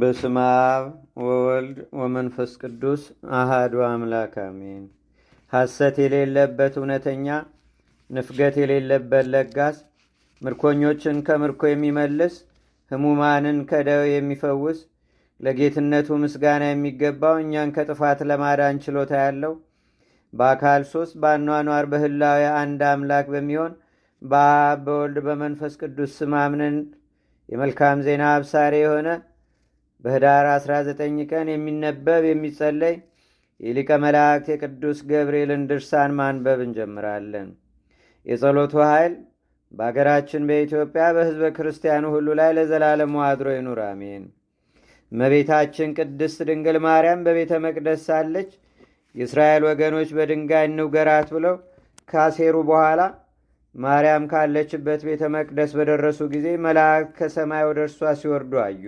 በስመ አብ ወወልድ ወመንፈስ ቅዱስ አህዱ አምላክ አሜን። ሐሰት የሌለበት እውነተኛ፣ ንፍገት የሌለበት ለጋስ፣ ምርኮኞችን ከምርኮ የሚመልስ፣ ህሙማንን ከደው የሚፈውስ፣ ለጌትነቱ ምስጋና የሚገባው እኛን ከጥፋት ለማዳን ችሎታ ያለው በአካል ሶስት በአኗኗር በህላዊ አንድ አምላክ በሚሆን በአብ በወልድ በመንፈስ ቅዱስ ስም የመልካም ዜና አብሳሪ የሆነ በህዳር 19 ቀን የሚነበብ የሚጸለይ የሊቀ መላእክት የቅዱስ ገብርኤልን ድርሳን ማንበብ እንጀምራለን። የጸሎቱ ኃይል በአገራችን በኢትዮጵያ በሕዝበ ክርስቲያኑ ሁሉ ላይ ለዘላለሙ አድሮ ይኑር፣ አሜን። እመቤታችን ቅድስት ድንግል ማርያም በቤተ መቅደስ ሳለች የእስራኤል ወገኖች በድንጋይ እንውገራት ብለው ካሴሩ በኋላ ማርያም ካለችበት ቤተ መቅደስ በደረሱ ጊዜ መላእክት ከሰማይ ወደ እርሷ ሲወርዱ አዩ።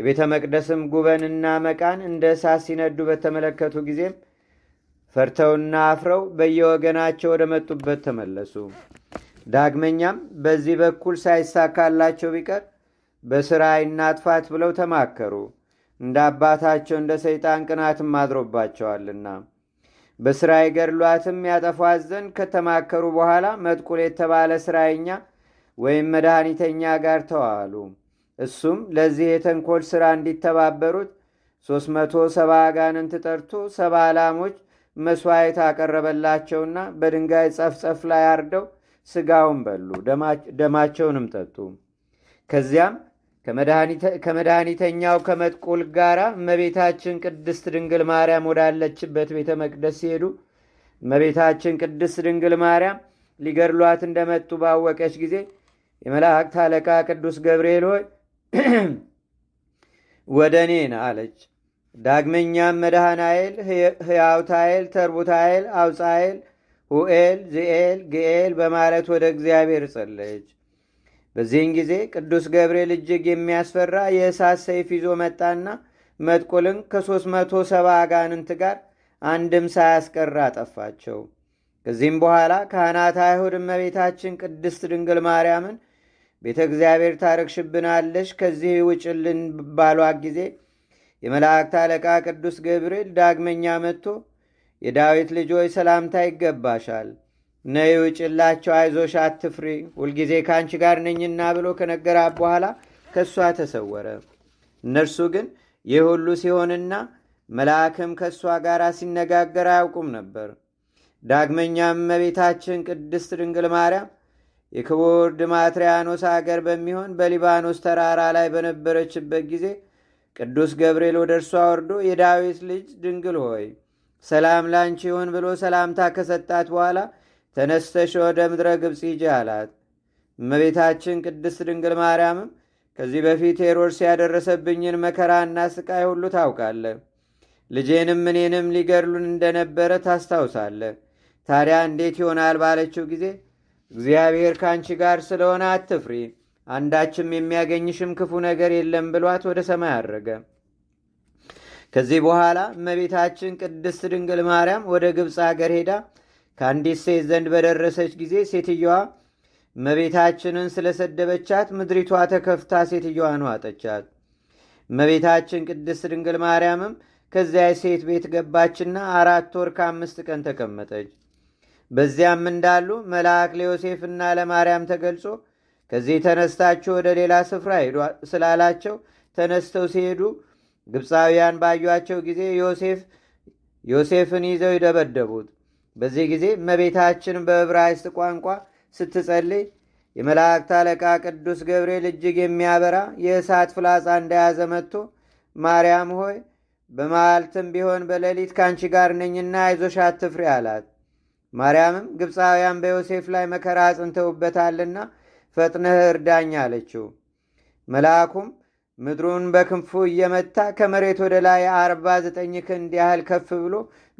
የቤተ መቅደስም ጉበንና መቃን እንደ እሳት ሲነዱ በተመለከቱ ጊዜም ፈርተውና አፍረው በየወገናቸው ወደ መጡበት ተመለሱ። ዳግመኛም በዚህ በኩል ሳይሳካላቸው ቢቀር በስራይ እናጥፋት ብለው ተማከሩ። እንደ አባታቸው እንደ ሰይጣን ቅናትም አድሮባቸዋልና በስራ ገድሏትም ያጠፏት ዘንድ ከተማከሩ በኋላ መጥቁል የተባለ ስራይኛ ወይም መድኃኒተኛ ጋር ተዋሉ። እሱም ለዚህ የተንኮል ሥራ እንዲተባበሩት ሦስት መቶ ሰባ አጋንንት ጠርቶ ሰባ ላሞች መሥዋዕት አቀረበላቸውና በድንጋይ ጸፍጸፍ ላይ አርደው ሥጋውን በሉ፣ ደማቸውንም ጠጡ። ከዚያም ከመድኃኒተኛው ከመጥቁል ጋር እመቤታችን ቅድስት ድንግል ማርያም ወዳለችበት ቤተ መቅደስ ሲሄዱ እመቤታችን ቅድስት ድንግል ማርያም ሊገድሏት እንደመጡ ባወቀች ጊዜ የመላእክት አለቃ ቅዱስ ገብርኤል ሆይ ወደ እኔን አለች። ዳግመኛም መድሃናኤል ህያውታኤል ተርቡታኤል፣ አውፃኤል፣ ሁኤል፣ ዝኤል፣ ግኤል በማለት ወደ እግዚአብሔር ጸለች። በዚህን ጊዜ ቅዱስ ገብርኤል እጅግ የሚያስፈራ የእሳት ሰይፍ ይዞ መጣና መጥቁልን ከሦስት መቶ ሰባ አጋንንት ጋር አንድም ሳያስቀር አጠፋቸው። ከዚህም በኋላ ካህናት አይሁድ እመቤታችን ቅድስት ድንግል ማርያምን ቤተ እግዚአብሔር ታረክሽብናለሽ ከዚህ ውጭልን ባሏት ጊዜ የመላእክት አለቃ ቅዱስ ገብርኤል ዳግመኛ መጥቶ የዳዊት ልጆች ሰላምታ ይገባሻል፣ ነይ ውጭላቸው፣ አይዞሽ፣ አትፍሪ፣ ሁልጊዜ ከአንቺ ጋር ነኝና ብሎ ከነገራት በኋላ ከእሷ ተሰወረ። እነርሱ ግን ይህ ሁሉ ሲሆንና መልአክም ከእሷ ጋር ሲነጋገር አያውቁም ነበር። ዳግመኛም መቤታችን ቅድስት ድንግል ማርያም የክቡር ድማትሪያኖስ አገር በሚሆን በሊባኖስ ተራራ ላይ በነበረችበት ጊዜ ቅዱስ ገብርኤል ወደ እርሷ ወርዶ የዳዊት ልጅ ድንግል ሆይ ሰላም ላንቺ ይሁን ብሎ ሰላምታ ከሰጣት በኋላ ተነስተሽ ወደ ምድረ ግብፅ ሂጂ አላት። እመቤታችን ቅድስት ድንግል ማርያምም ከዚህ በፊት ሄሮድስ ያደረሰብኝን መከራና ስቃይ ሁሉ ታውቃለ፣ ልጄንም እኔንም ሊገድሉን እንደነበረ ታስታውሳለ። ታዲያ እንዴት ይሆናል ባለችው ጊዜ እግዚአብሔር ከአንቺ ጋር ስለሆነ አትፍሪ፣ አንዳችም የሚያገኝሽም ክፉ ነገር የለም ብሏት ወደ ሰማይ አረገ። ከዚህ በኋላ እመቤታችን ቅድስት ድንግል ማርያም ወደ ግብፅ አገር ሄዳ ከአንዲት ሴት ዘንድ በደረሰች ጊዜ ሴትየዋ እመቤታችንን ስለሰደበቻት ምድሪቷ ተከፍታ ነው አጠቻት እመቤታችን ቅድስት ድንግል ማርያምም ከዚያ ሴት ቤት ገባችና አራት ወር ከአምስት ቀን ተቀመጠች። በዚያም እንዳሉ መልአክ ለዮሴፍና ለማርያም ተገልጾ ከዚህ ተነስታችሁ ወደ ሌላ ስፍራ ሄዱ ስላላቸው ተነስተው ሲሄዱ ግብፃውያን ባዩቸው ጊዜ ዮሴፍን ይዘው ይደበደቡት። በዚህ ጊዜ መቤታችን በዕብራይስጥ ቋንቋ ስትጸልይ የመላእክት አለቃ ቅዱስ ገብርኤል እጅግ የሚያበራ የእሳት ፍላጻ እንደያዘ መጥቶ ማርያም ሆይ በማልትም ቢሆን በሌሊት ካንቺ ጋር ነኝና አይዞሽ አትፍሪ አላት። ማርያምም ግብፃውያን በዮሴፍ ላይ መከራ አጽንተውበታልና ፈጥነህ እርዳኝ አለችው። መልአኩም ምድሩን በክንፉ እየመታ ከመሬት ወደ ላይ አርባ ዘጠኝ ክንድ ያህል ከፍ ብሎ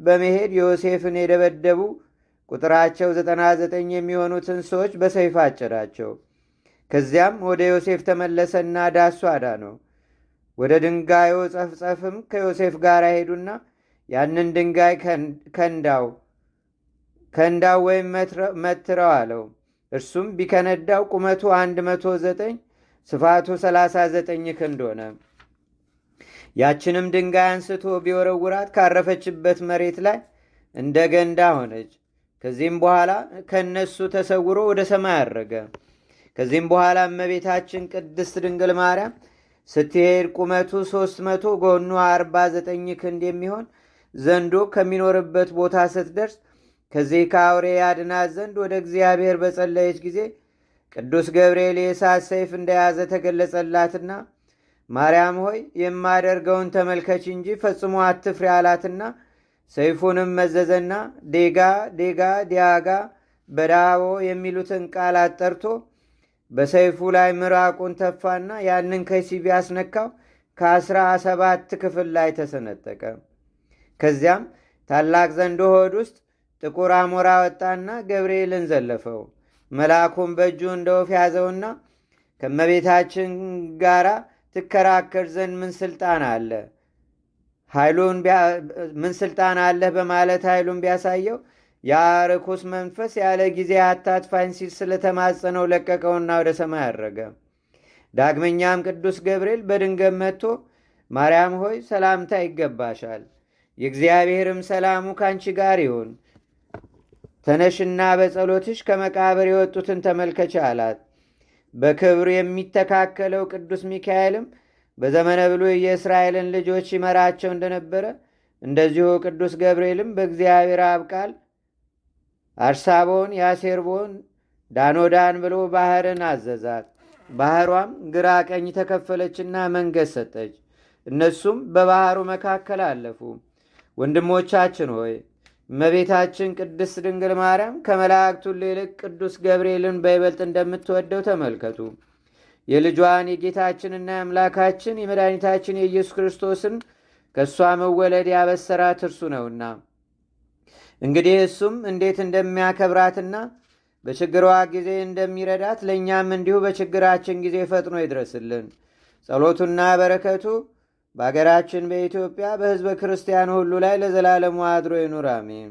በመሄድ ዮሴፍን የደበደቡ ቁጥራቸው ዘጠና ዘጠኝ የሚሆኑትን ሰዎች በሰይፍ አጨዳቸው። ከዚያም ወደ ዮሴፍ ተመለሰና ዳሱ ነው። ወደ ድንጋዩ ጸፍጸፍም ከዮሴፍ ጋር ሄዱና ያንን ድንጋይ ከንዳው ከንዳው ወይም መትረው አለው። እርሱም ቢከነዳው ቁመቱ 109 ስፋቱ 39 ክንድ ሆነ። ያችንም ድንጋይ አንስቶ ቢወረውራት ካረፈችበት መሬት ላይ እንደ ገንዳ ሆነች። ከዚህም በኋላ ከነሱ ተሰውሮ ወደ ሰማይ አረገ። ከዚህም በኋላ እመቤታችን ቅድስት ድንግል ማርያም ስትሄድ ቁመቱ 300 ጎኑ 49 ክንድ የሚሆን ዘንዶ ከሚኖርበት ቦታ ስትደርስ ከዚህ ከአውሬ ያድናት ዘንድ ወደ እግዚአብሔር በጸለየች ጊዜ ቅዱስ ገብርኤል የእሳት ሰይፍ እንደያዘ ተገለጸላትና ማርያም ሆይ የማደርገውን ተመልከች እንጂ ፈጽሞ አትፍሪ አላትና ሰይፉንም መዘዘና ዴጋ ዴጋ ዲያጋ በዳቦ የሚሉትን ቃላት ጠርቶ በሰይፉ ላይ ምራቁን ተፋና ያንን ከሲ ቢያስነካው ከአስራ ሰባት ክፍል ላይ ተሰነጠቀ። ከዚያም ታላቅ ዘንዶ ሆድ ውስጥ ጥቁር አሞራ ወጣና ገብርኤልን ዘለፈው። መልአኩም በእጁ እንደ ወፍ ያዘውና ከመቤታችን ጋር ትከራከር ዘንድ ምን ስልጣን አለ ኃይሉን ምን ስልጣን አለህ በማለት ኃይሉን ቢያሳየው ያ ርኩስ መንፈስ ያለ ጊዜ አታጥፋኝ ሲል ስለተማጸነው ለቀቀውና ወደ ሰማይ አረገ። ዳግመኛም ቅዱስ ገብርኤል በድንገት መጥቶ ማርያም ሆይ ሰላምታ ይገባሻል፣ የእግዚአብሔርም ሰላሙ ካንቺ ጋር ይሁን ተነሽና በጸሎትሽ ከመቃብር የወጡትን ተመልከች አላት። በክብር የሚተካከለው ቅዱስ ሚካኤልም በዘመነ ብሎ የእስራኤልን ልጆች ይመራቸው እንደነበረ እንደዚሁ ቅዱስ ገብርኤልም በእግዚአብሔር አብቃል አርሳቦን፣ ያሴርቦን፣ ዳኖዳን ብሎ ባህርን አዘዛት። ባህሯም ግራ ቀኝ ተከፈለችና መንገድ ሰጠች። እነሱም በባህሩ መካከል አለፉ። ወንድሞቻችን ሆይ እመቤታችን ቅድስት ድንግል ማርያም ከመላእክቱ ሌልቅ ቅዱስ ገብርኤልን በይበልጥ እንደምትወደው ተመልከቱ። የልጇን የጌታችንና የአምላካችን የመድኃኒታችን የኢየሱስ ክርስቶስን ከእሷ መወለድ ያበሰራት እርሱ ነውና እንግዲህ እሱም እንዴት እንደሚያከብራትና በችግሯ ጊዜ እንደሚረዳት ለእኛም እንዲሁ በችግራችን ጊዜ ፈጥኖ ይድረስልን። ጸሎቱና በረከቱ በአገራችን በኢትዮጵያ በሕዝበ ክርስቲያን ሁሉ ላይ ለዘላለሙ አድሮ ይኑር፣ አሜን።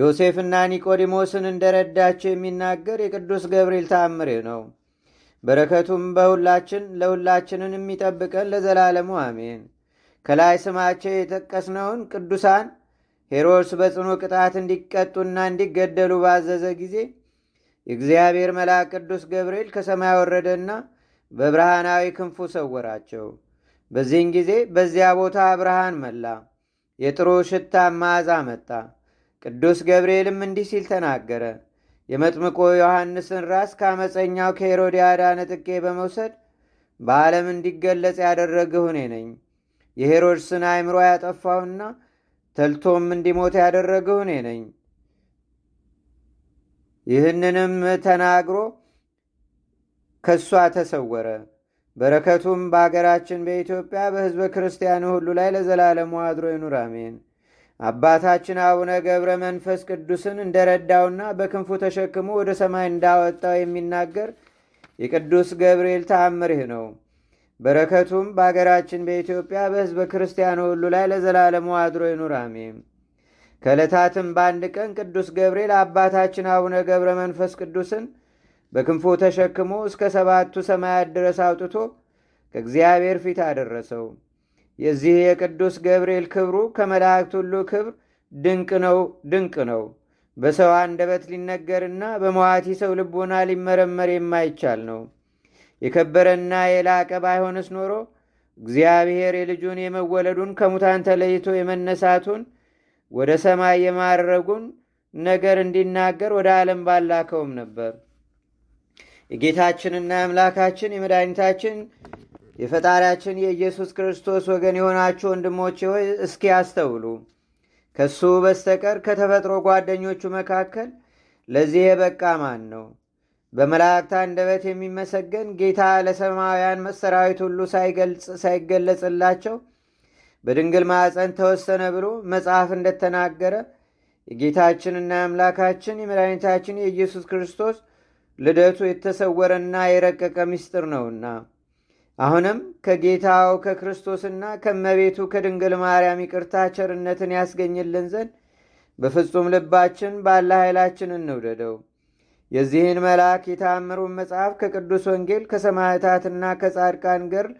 ዮሴፍና ኒቆዲሞስን እንደረዳቸው የሚናገር የቅዱስ ገብርኤል ታምሬ ነው። በረከቱም በሁላችን ለሁላችንን የሚጠብቀን ለዘላለሙ አሜን። ከላይ ስማቸው የጠቀስነውን ቅዱሳን ሄሮድስ በጽኑ ቅጣት እንዲቀጡና እንዲገደሉ ባዘዘ ጊዜ የእግዚአብሔር መልአክ ቅዱስ ገብርኤል ከሰማይ ወረደና በብርሃናዊ ክንፉ ሰወራቸው። በዚህን ጊዜ በዚያ ቦታ ብርሃን መላ፣ የጥሩ ሽታ መዓዛ መጣ። ቅዱስ ገብርኤልም እንዲህ ሲል ተናገረ። የመጥምቆ ዮሐንስን ራስ ከአመፀኛው ከሄሮድያዳ ነጥቄ በመውሰድ በዓለም እንዲገለጽ ያደረግሁ እኔ ነኝ። የሄሮድስን አእምሮ ያጠፋሁና ተልቶም እንዲሞት ያደረግሁ እኔ ነኝ። ይህንንም ተናግሮ ከእሷ ተሰወረ። በረከቱም በአገራችን በኢትዮጵያ በሕዝበ ክርስቲያኑ ሁሉ ላይ ለዘላለሙ አድሮ ይኑር፣ አሜን። አባታችን አቡነ ገብረ መንፈስ ቅዱስን እንደረዳውና በክንፉ ተሸክሞ ወደ ሰማይ እንዳወጣው የሚናገር የቅዱስ ገብርኤል ተአምር ይህ ነው። በረከቱም በአገራችን በኢትዮጵያ በሕዝበ ክርስቲያኑ ሁሉ ላይ ለዘላለሙ አድሮ ይኑር፣ አሜን። ከዕለታትም በአንድ ቀን ቅዱስ ገብርኤል አባታችን አቡነ ገብረ መንፈስ ቅዱስን በክንፎ ተሸክሞ እስከ ሰባቱ ሰማያት ድረስ አውጥቶ ከእግዚአብሔር ፊት አደረሰው። የዚህ የቅዱስ ገብርኤል ክብሩ ከመላእክት ሁሉ ክብር ድንቅ ነው ድንቅ ነው። በሰው አንደበት ሊነገርና በመዋቲ ሰው ልቦና ሊመረመር የማይቻል ነው። የከበረና የላቀ ባይሆንስ ኖሮ እግዚአብሔር የልጁን የመወለዱን ከሙታን ተለይቶ የመነሳቱን ወደ ሰማይ የማድረጉን ነገር እንዲናገር ወደ ዓለም ባላከውም ነበር። የጌታችንና የአምላካችን የመድኃኒታችን የፈጣሪያችን የኢየሱስ ክርስቶስ ወገን የሆናችሁ ወንድሞች ሆይ እስኪ ያስተውሉ። ከሱ በስተቀር ከተፈጥሮ ጓደኞቹ መካከል ለዚህ የበቃ ማን ነው? በመላእክት አንደበት የሚመሰገን ጌታ ለሰማውያን መሰራዊት ሁሉ ሳይገለጽላቸው በድንግል ማዕፀን ተወሰነ ብሎ መጽሐፍ እንደተናገረ የጌታችንና የአምላካችን የመድኃኒታችን የኢየሱስ ክርስቶስ ልደቱ የተሰወረና የረቀቀ ምስጢር ነውና አሁንም ከጌታው ከክርስቶስና ከመቤቱ ከድንግል ማርያም ይቅርታ ቸርነትን ያስገኝልን ዘንድ በፍጹም ልባችን ባለ ኃይላችን እንውደደው። የዚህን መልአክ የታምሩን መጽሐፍ ከቅዱስ ወንጌል ከሰማዕታትና ከጻድቃን ገድል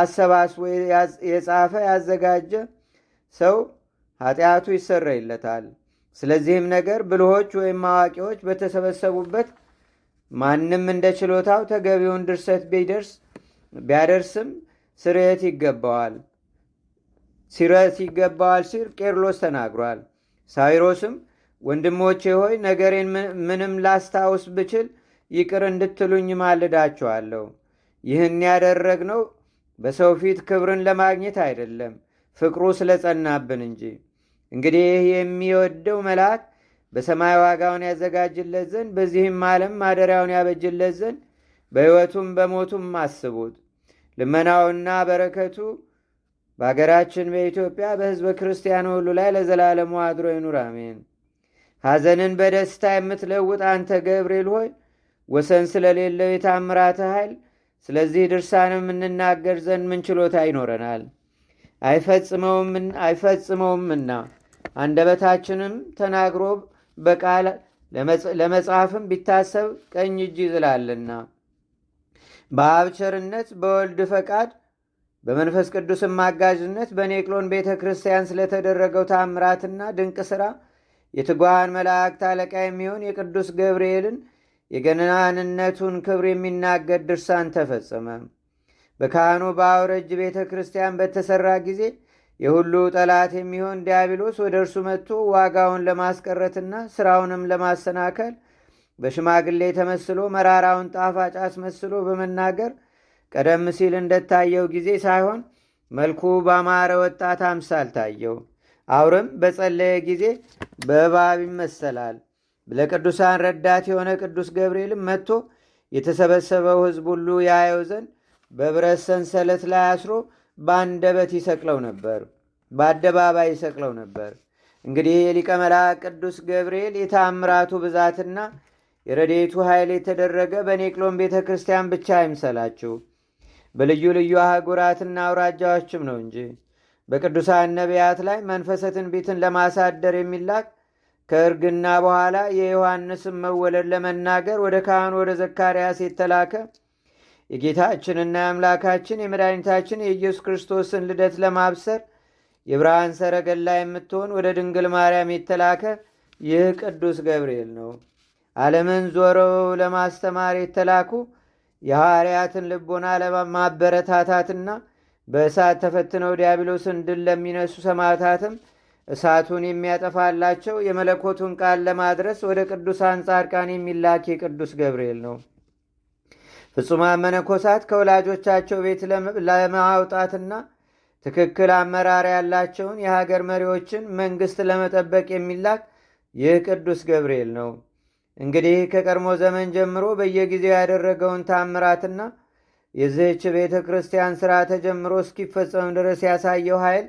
አሰባስቦ የጻፈ ያዘጋጀ ሰው ኃጢአቱ ይሰረይለታል። ስለዚህም ነገር ብልሆች ወይም አዋቂዎች በተሰበሰቡበት ማንም እንደ ችሎታው ተገቢውን ድርሰት ቢደርስ ቢያደርስም ስርየት ይገባዋል ሲረት ይገባዋል ሲል ቄርሎስ ተናግሯል። ሳይሮስም ወንድሞቼ ሆይ ነገሬን ምንም ላስታውስ ብችል ይቅር እንድትሉኝ ማልዳችኋለሁ። ይህን ያደረግነው በሰው ፊት ክብርን ለማግኘት አይደለም፣ ፍቅሩ ስለጸናብን እንጂ። እንግዲህ የሚወደው መልአክ በሰማይ ዋጋውን ያዘጋጅለት ዘንድ በዚህም ዓለም ማደሪያውን ያበጅለት ዘንድ በሕይወቱም በሞቱም አስቡት። ልመናውና በረከቱ በአገራችን በኢትዮጵያ በሕዝበ ክርስቲያን ሁሉ ላይ ለዘላለሙ አድሮ ይኑር፣ አሜን። ሐዘንን በደስታ የምትለውጥ አንተ ገብርኤል ሆይ ወሰን ስለሌለው የታምራት ኃይል ስለዚህ ድርሳንም እንናገር ዘንድ ምን ችሎታ ይኖረናል? አይፈጽመውምና አንደበታችንም ተናግሮ በቃል ለመጽሐፍም ቢታሰብ ቀኝ እጅ ይዝላልና በአብቸርነት በወልድ ፈቃድ በመንፈስ ቅዱስም አጋዥነት በኔቅሎን ቤተ ክርስቲያን ስለተደረገው ታምራትና ድንቅ ሥራ የትጓሃን መላእክት አለቃ የሚሆን የቅዱስ ገብርኤልን የገናንነቱን ክብር የሚናገድ ድርሳን ተፈጸመ። በካህኑ በአውረጅ ቤተ ክርስቲያን በተሠራ ጊዜ የሁሉ ጠላት የሚሆን ዲያብሎስ ወደ እርሱ መጥቶ ዋጋውን ለማስቀረትና ስራውንም ለማሰናከል በሽማግሌ ተመስሎ መራራውን ጣፋጭ አስመስሎ በመናገር ቀደም ሲል እንደታየው ጊዜ ሳይሆን መልኩ ባማረ ወጣት አምሳል ታየው። አውርም በጸለየ ጊዜ በእባብ ይመሰላል። ለቅዱሳን ረዳት የሆነ ቅዱስ ገብርኤልም መጥቶ የተሰበሰበው ህዝብ ሁሉ ያየው ዘንድ በብረት ሰንሰለት ላይ አስሮ በአንደበት ይሰቅለው ነበር፣ በአደባባይ ይሰቅለው ነበር። እንግዲህ የሊቀ መላ ቅዱስ ገብርኤል የታምራቱ ብዛትና የረዴቱ ኃይል የተደረገ በኔቅሎን ቤተ ክርስቲያን ብቻ አይምሰላችሁ፣ በልዩ ልዩ አህጉራትና አውራጃዎችም ነው እንጂ በቅዱሳን ነቢያት ላይ መንፈሰትን ቤትን ለማሳደር የሚላክ ከእርግና በኋላ የዮሐንስን መወለድ ለመናገር ወደ ካህኑ ወደ ዘካርያስ የተላከ የጌታችንና የአምላካችን የመድኃኒታችን የኢየሱስ ክርስቶስን ልደት ለማብሰር የብርሃን ሰረገላ የምትሆን ወደ ድንግል ማርያም የተላከ ይህ ቅዱስ ገብርኤል ነው። ዓለምን ዞረው ለማስተማር የተላኩ የሐዋርያትን ልቦና ለማበረታታትና በእሳት ተፈትነው ዲያብሎስን ድል ለሚነሱ ሰማዕታትም እሳቱን የሚያጠፋላቸው የመለኮቱን ቃል ለማድረስ ወደ ቅዱሳን ጻድቃን የሚላክ የቅዱስ ገብርኤል ነው። ፍጹማ መነኮሳት ከወላጆቻቸው ቤት ለማውጣትና ትክክል አመራር ያላቸውን የሀገር መሪዎችን መንግስት ለመጠበቅ የሚላክ ይህ ቅዱስ ገብርኤል ነው። እንግዲህ ከቀድሞ ዘመን ጀምሮ በየጊዜው ያደረገውን ታምራትና የዚህች ቤተ ክርስቲያን ሥራ ተጀምሮ እስኪፈጸም ድረስ ያሳየው ኃይል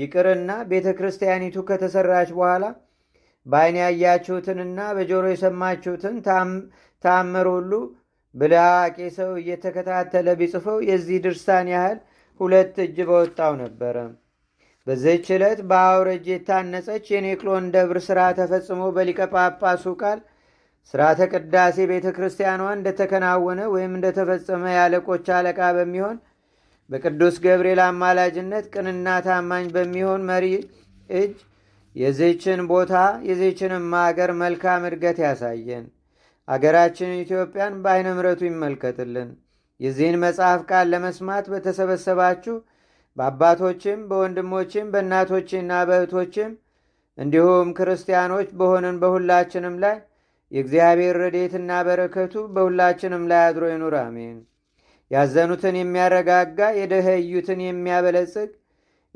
ይቅርና ቤተ ክርስቲያኒቱ ከተሰራች በኋላ በዓይን ያያችሁትንና በጆሮ የሰማችሁትን ታምር ሁሉ ብልሃቂ ሰው እየተከታተለ ቢጽፈው የዚህ ድርሳን ያህል ሁለት እጅ በወጣው ነበረ። በዚህች ዕለት በአውረጅ የታነጸች የኔቅሎን ደብር ሥራ ተፈጽሞ በሊቀ ጳጳሱ ቃል ሥርዓተ ቅዳሴ ቤተ ክርስቲያኗ እንደተከናወነ ወይም እንደተፈጸመ የአለቆች አለቃ በሚሆን በቅዱስ ገብርኤል አማላጅነት ቅንና ታማኝ በሚሆን መሪ እጅ የዚችን ቦታ የዚህችንም አገር መልካም እድገት ያሳየን። አገራችን ኢትዮጵያን በአይነ ምረቱ ይመልከትልን። የዚህን መጽሐፍ ቃል ለመስማት በተሰበሰባችሁ በአባቶችም በወንድሞችም በእናቶችና በእህቶችም እንዲሁም ክርስቲያኖች በሆንን በሁላችንም ላይ የእግዚአብሔር ረዴትና በረከቱ በሁላችንም ላይ አድሮ ይኑር፣ አሜን። ያዘኑትን የሚያረጋጋ የደኸዩትን የሚያበለጽግ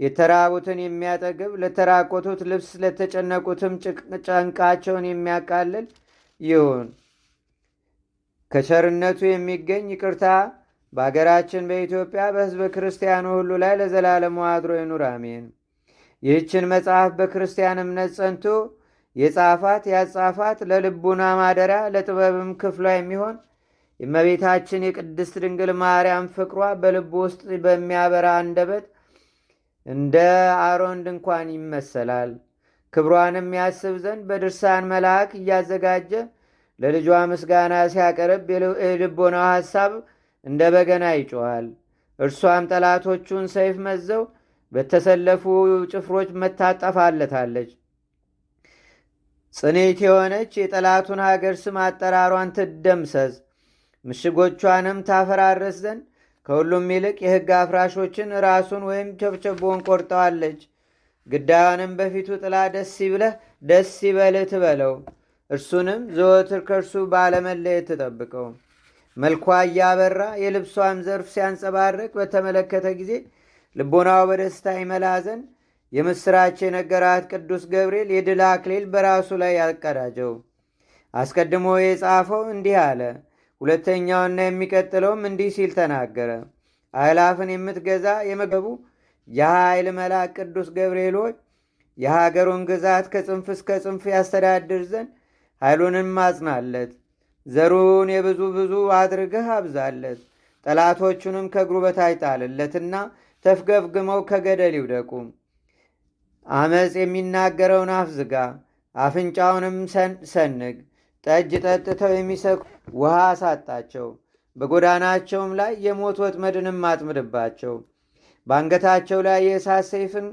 የተራቡትን የሚያጠግብ ለተራቆቱት ልብስ ለተጨነቁትም ጭንቃቸውን የሚያቃልል ይሁን። ከቸርነቱ የሚገኝ ይቅርታ በአገራችን በኢትዮጵያ በሕዝበ ክርስቲያኑ ሁሉ ላይ ለዘላለሙ አድሮ ይኑር፣ አሜን። ይህችን መጽሐፍ በክርስቲያን እምነት ጸንቶ የጻፋት ያጻፋት ለልቡና ማደሪያ ለጥበብም ክፍሏ የሚሆን የእመቤታችን የቅድስት ድንግል ማርያም ፍቅሯ በልቡ ውስጥ በሚያበራ አንደበት እንደ አሮን ድንኳን ይመሰላል። ክብሯንም ያስብ ዘንድ በድርሳን መልአክ እያዘጋጀ ለልጇ ምስጋና ሲያቀርብ የልቦናው ሐሳብ እንደ በገና ይጮኋል። እርሷም ጠላቶቹን ሰይፍ መዘው በተሰለፉ ጭፍሮች መታጠፋለታለች። ጽኔት የሆነች የጠላቱን ሀገር ስም አጠራሯን ትደምሰዝ፣ ምሽጎቿንም ታፈራረስ ዘንድ ከሁሉም ይልቅ የሕግ አፍራሾችን ራሱን ወይም ቸብቸቦን ቆርጠዋለች። ግዳዩንም በፊቱ ጥላ ደስ ይብለህ ደስ ይበልህ ትበለው። እርሱንም ዘወትር ከእርሱ ባለመለየት ተጠብቀው። መልኳ እያበራ የልብሷም ዘርፍ ሲያንጸባረቅ በተመለከተ ጊዜ ልቦናው በደስታ ይመላ ዘንድ የምሥራች የነገራት ቅዱስ ገብርኤል የድል አክሊል በራሱ ላይ ያቀዳጀው። አስቀድሞ የጻፈው እንዲህ አለ። ሁለተኛውና የሚቀጥለውም እንዲህ ሲል ተናገረ። አይላፍን የምትገዛ የመገቡ የኃይል መልአክ ቅዱስ ገብርኤል የሀገሩን ግዛት ከጽንፍ እስከ ጽንፍ ያስተዳድር ዘንድ ኃይሉንም አጽናለት። ዘሩን የብዙ ብዙ አድርገህ አብዛለት። ጠላቶቹንም ከእግሩ በታች ጣልለትና ተፍገፍግመው ከገደል ይውደቁ። አመፅ የሚናገረውን አፍ ዝጋ፣ አፍንጫውንም ሰንግ። ጠጅ ጠጥተው የሚሰኩ ውሃ አሳጣቸው። በጎዳናቸውም ላይ የሞት ወጥመድንም አጥምድባቸው። በአንገታቸው ላይ የእሳት ሰይፍን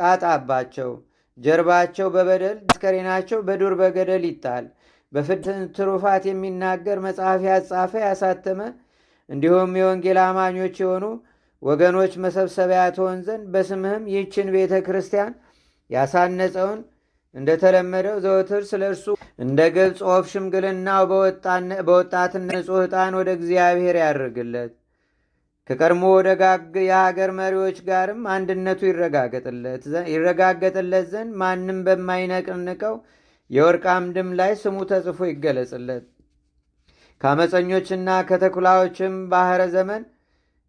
ቃጣባቸው። ጀርባቸው በበደል አስከሬናቸው በዱር በገደል ይጣል። በፍትን ትሩፋት የሚናገር መጽሐፍ ያጻፈ ያሳተመ፣ እንዲሁም የወንጌል አማኞች የሆኑ ወገኖች መሰብሰቢያ ትሆን ዘንድ በስምህም ይህችን ቤተ ክርስቲያን ያሳነጸውን እንደተለመደው ዘወትር ስለ እርሱ እንደ ግብፅ ወፍ ሽምግልናው በወጣትነት ንጹሕ ዕጣን ወደ እግዚአብሔር ያደርግለት። ከቀድሞ ደጋግ የሀገር መሪዎች ጋርም አንድነቱ ይረጋገጥለት ዘንድ ማንም በማይነቅንቀው የወርቅ አምድም ላይ ስሙ ተጽፎ ይገለጽለት። ከአመፀኞችና ከተኩላዎችም ባህረ ዘመን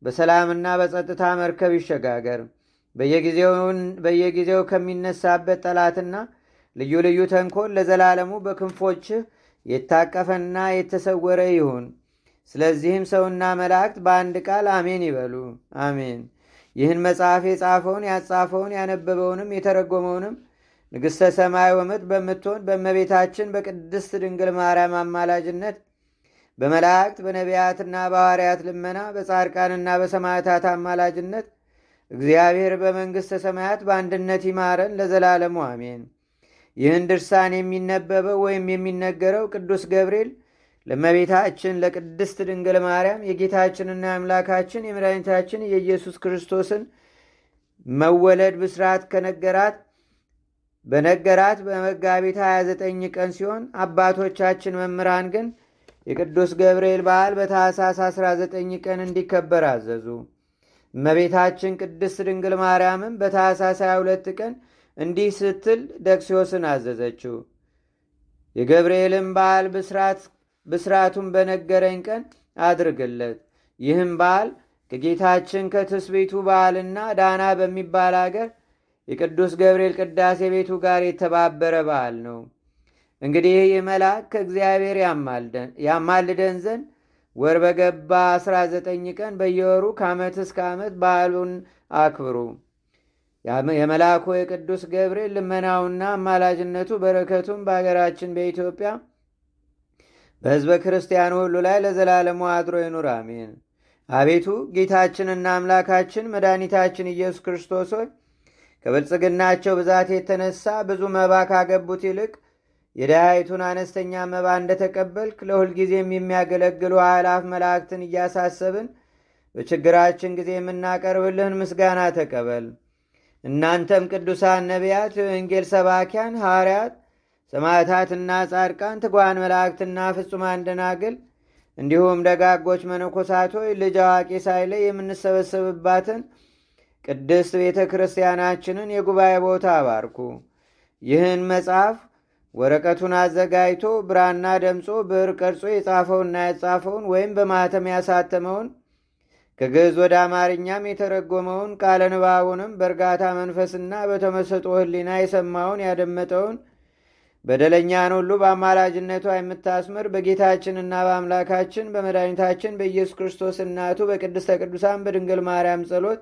በሰላምና በጸጥታ መርከብ ይሸጋገር። በየጊዜው ከሚነሳበት ጠላትና ልዩ ልዩ ተንኮል ለዘላለሙ በክንፎችህ የታቀፈና የተሰወረ ይሁን። ስለዚህም ሰውና መላእክት በአንድ ቃል አሜን ይበሉ። አሜን። ይህን መጽሐፍ የጻፈውን ያጻፈውን ያነበበውንም የተረጎመውንም ንግሥተ ሰማይ ወምድር በምትሆን በመቤታችን በቅድስት ድንግል ማርያም አማላጅነት በመላእክት በነቢያትና በሐዋርያት ልመና በጻድቃንና በሰማዕታት አማላጅነት እግዚአብሔር በመንግሥተ ሰማያት በአንድነት ይማረን ለዘላለሙ አሜን። ይህን ድርሳን የሚነበበው ወይም የሚነገረው ቅዱስ ገብርኤል ለእመቤታችን ለቅድስት ድንግል ማርያም የጌታችንና አምላካችን የመድኃኒታችን የኢየሱስ ክርስቶስን መወለድ ብስራት ከነገራት በነገራት በመጋቢት 29 ቀን ሲሆን አባቶቻችን መምህራን ግን የቅዱስ ገብርኤል በዓል በታሳስ 19 ቀን እንዲከበር አዘዙ። እመቤታችን ቅድስት ድንግል ማርያምም በታሳስ 22 ቀን እንዲህ ስትል ደቅስዮስን አዘዘችው። የገብርኤልን በዓል ብስራት ብስራቱን በነገረኝ ቀን አድርግለት። ይህም በዓል ከጌታችን ከትስቤቱ በዓልና ዳና በሚባል አገር የቅዱስ ገብርኤል ቅዳሴ ቤቱ ጋር የተባበረ በዓል ነው። እንግዲህ ይህ መልአክ ከእግዚአብሔር ያማልደን ዘንድ ወር በገባ 19 ቀን በየወሩ ከዓመት እስከ ዓመት በዓሉን አክብሩ። የመልአኩ የቅዱስ ገብርኤል ልመናውና አማላጅነቱ በረከቱም በሀገራችን በኢትዮጵያ በሕዝበ ክርስቲያን ሁሉ ላይ ለዘላለሙ አድሮ ይኑር፣ አሜን። አቤቱ ጌታችንና አምላካችን መድኃኒታችን ኢየሱስ ክርስቶስ ሆይ ከብልጽግናቸው ብዛት የተነሳ ብዙ መባ ካገቡት ይልቅ የደሃይቱን አነስተኛ መባ እንደተቀበልክ ለሁልጊዜም የሚያገለግሉ አእላፍ መላእክትን እያሳሰብን በችግራችን ጊዜ የምናቀርብልህን ምስጋና ተቀበል። እናንተም ቅዱሳን ነቢያት፣ የወንጌል ሰባኪያን ሐዋርያት ሰማዕታትና ጻድቃን፣ ትጓን መላእክትና ፍጹማን ደናግል እንዲሁም ደጋጎች መነኮሳቶች ልጅ አዋቂ ሳይለ የምንሰበሰብባትን ቅድስት ቤተ ክርስቲያናችንን የጉባኤ ቦታ አባርኩ። ይህን መጽሐፍ ወረቀቱን አዘጋጅቶ ብራና ደምጾ ብር ቀርጾ የጻፈውና ያጻፈውን ወይም በማተም ያሳተመውን ከግዕዝ ወደ አማርኛም የተረጎመውን ቃለ ንባቡንም በእርጋታ መንፈስና በተመሰጦ ህሊና የሰማውን ያደመጠውን በደለኛን ሁሉ በአማላጅነቷ የምታስምር በጌታችንና በአምላካችን በመድኃኒታችን በኢየሱስ ክርስቶስ እናቱ በቅድስተ ቅዱሳን በድንግል ማርያም ጸሎት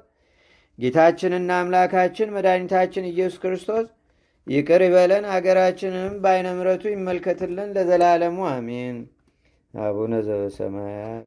ጌታችንና አምላካችን መድኃኒታችን ኢየሱስ ክርስቶስ ይቅር ይበለን፣ አገራችንም በአይነ ምረቱ ይመልከትልን፣ ለዘላለሙ አሜን። አቡነ ዘበሰማያት